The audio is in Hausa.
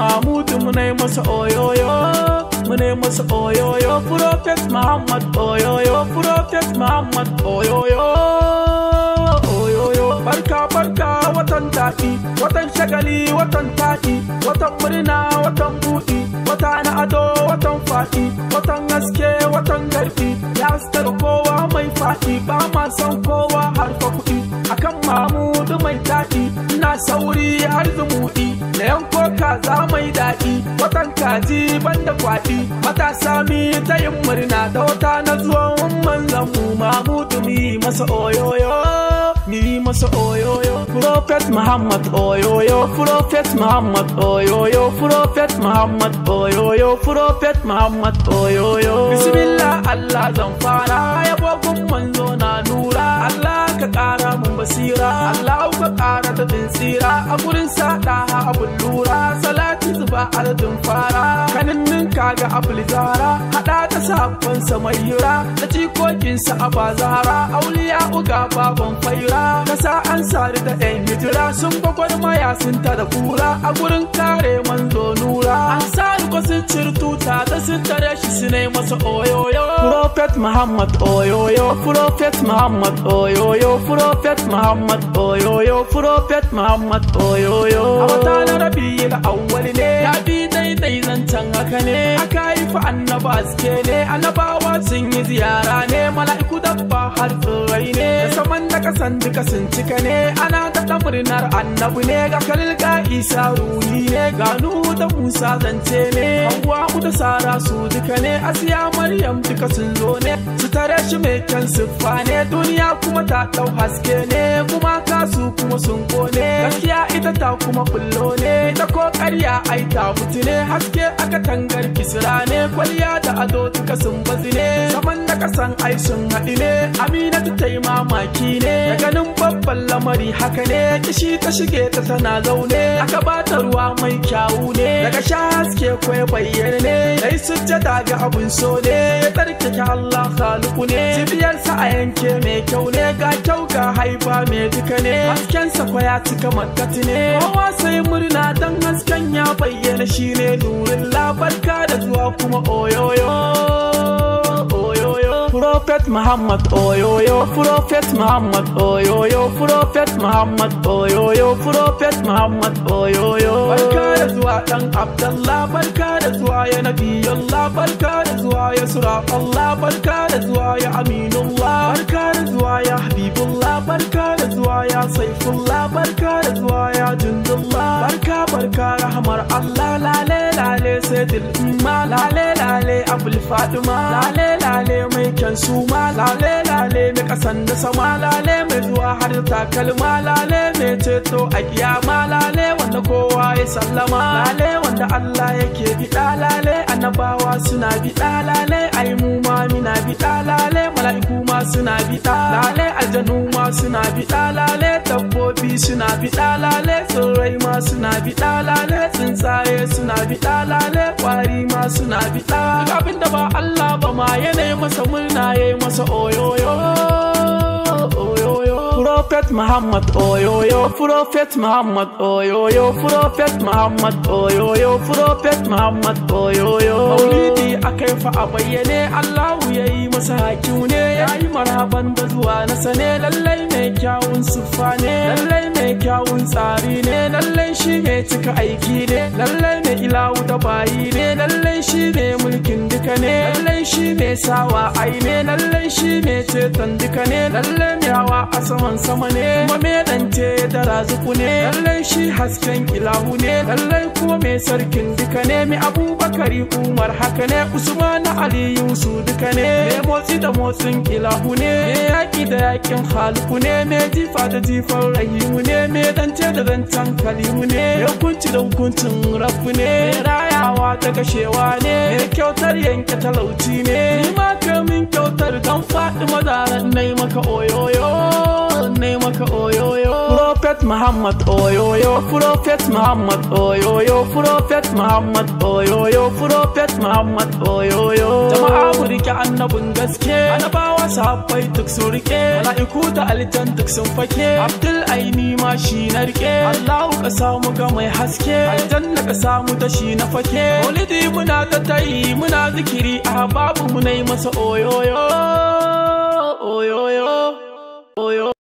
Mahmoud mu ne masa oyoyo mu ne masa oyoyo Prophet Muhammad oyoyo Prophet Muhammad oyoyo oyoyo barka barka watan tafi watan shagali watan tafi watan murna watan buɗi watan ado watan faɗi watan haske watan garfi ya kowa mai faɗi ba ma san kowa harfa kaza mai daɗi watan kaji da kwaɗi mata mi ta yin murna da wata na zuwan manzan mu mamudu mi masa oyoyo mi masa oyoyo prophet muhammad oyoyo prophet muhammad oyoyo prophet muhammad oyoyo prophet muhammad oyoyo bismillah allah zan fara ya bogun sadadin tsira a gurin sada abun lura salati zuba adadin fara kaninnin kaga abul zara hada ta sabon samaira da jikokinsa a bazara auliya uga baban faira kasa an sari da yan hijira sun maya sun da kura a gurin kare manzo nura an ko sun ciri tuta ta sun tare shi su ne masa oyoyo Prophet Muhammad oyoyo Prophet Muhammad oyoyo Prophet Muhammad oyoyo Prophet Muhammad oyoyo A wata na rabi awwali ne ya bi daidai zancen haka ne haifi annaba aske ne annabawa sun yi ziyara ne mala'iku dabba har tsirrai ne saman da kasan duka sun cika ne ana daɗa murnar annabu, ne ga kalil ga isa ruhi ne ga nuhu da musa zance ne hawa da sara su duka ne asiya maryam duka sun zo ne su tare shi mai kyan siffa ne duniya kuma ta dau haske ne kuma kasu kuma sun kone gaskiya ita ta kuma kullo ne da ko ƙarya ai ta mutu ne haske aka tangar kisra ne kwalliya da ado duka sun bazi ne zaman da kasan ai sun haɗi ne aminatu ta yi mamaki ne da ganin babban lamari haka ne kishi ta shige ta tana zaune aka bata ruwa mai kyawu ne daga sha haske kwai bayyana ne dai sujjada ga abun so ne ya tsarkake Allah saluku ne sa a yanke mai kyau ne ga kyau ga haifa mai duka ne haskensa kwa ya cika makati ne kowa sai murna dan hasken ya bayyana shine ne nurin labarka da zuwa kuma oyoyo yo Prophet Muhammad oh yo yo. Prophet Muhammad oyoyo Prophet Muhammad oyoyo Prophet Muhammad oh yo. Barka da zuwa dan Abdullah barka da zuwa ya Nabi Allah barka da zuwa ya Sura Allah barka da zuwa ya Aminullah barka da zuwa ya Habibullah barka da zuwa ya Saifullah barka da zuwa ya Jundullah barka barka rahmar Allah lalai setil ma lale lale abul faduma lale lale mai kyan su ma lale lale mai kasan da sama lale mai zuwa har takalma lale mai ceto a kiyama lale wanda kowa ya sallama lale wanda Allah yake biɗa lale annabawa suna biɗa lale ai mu ma muna biɗa lale mala'iku ma suna biɗa lale aljanu ma suna bi dalale dabbobi suna bi dalale tsirrai ma suna bi dalale tsuntsaye suna bi dalale kwari ma suna bi dalale abinda ba Allah ba ma yanayi masa murna yayi masa oyoyo Prophet Muhammad oh, yo, Prophet Muhammad oh, yo, Prophet Muhammad oh, yo, Prophet Muhammad yo. Maulidi akai fa a bayyane Allahu yayi masa hakiu ne yayi marhaban da zuwa na sane lallai mai kyawun siffa ne lallai mai kyawun tsari ne lallai shi mai cika aiki ne lallai sawa ai ne lallai shi mai ceton duka ne lallai miyawa a saman sama ne kuma me dance da razuku ne lallai shi hasken ilahu ne lallai kuma mai sarkin duka ne mi abubakari umar haka ne usman aliyu su duka ne me motsi da motsin ilahu ne me yaki da yakin haliku ne me jifa da jifan rahimu ne me dance da zancen kalimu ne hukunci da hukuncin rabu ne rayawa ta kashewa ne mai kyautar yanke talauci ne ni ma min kyautar don faɗi mazaran nai maka oyoyo nai maka oyoyo Prophet Muhammad oyoyo Prophet Muhammad oyoyo Prophet Muhammad oyoyo Prophet Muhammad oyoyo jama'a ku rike annabin gaske safai duk sun rike mala'iku da aljan duk sun fake abdul aini ma shi na rike allahu ka samu ga mai haske aljanna ka samu da shi na fake maulidi muna ta tayi muna zikiri a babu mu nai masa oyoyo oyoyo oyoyo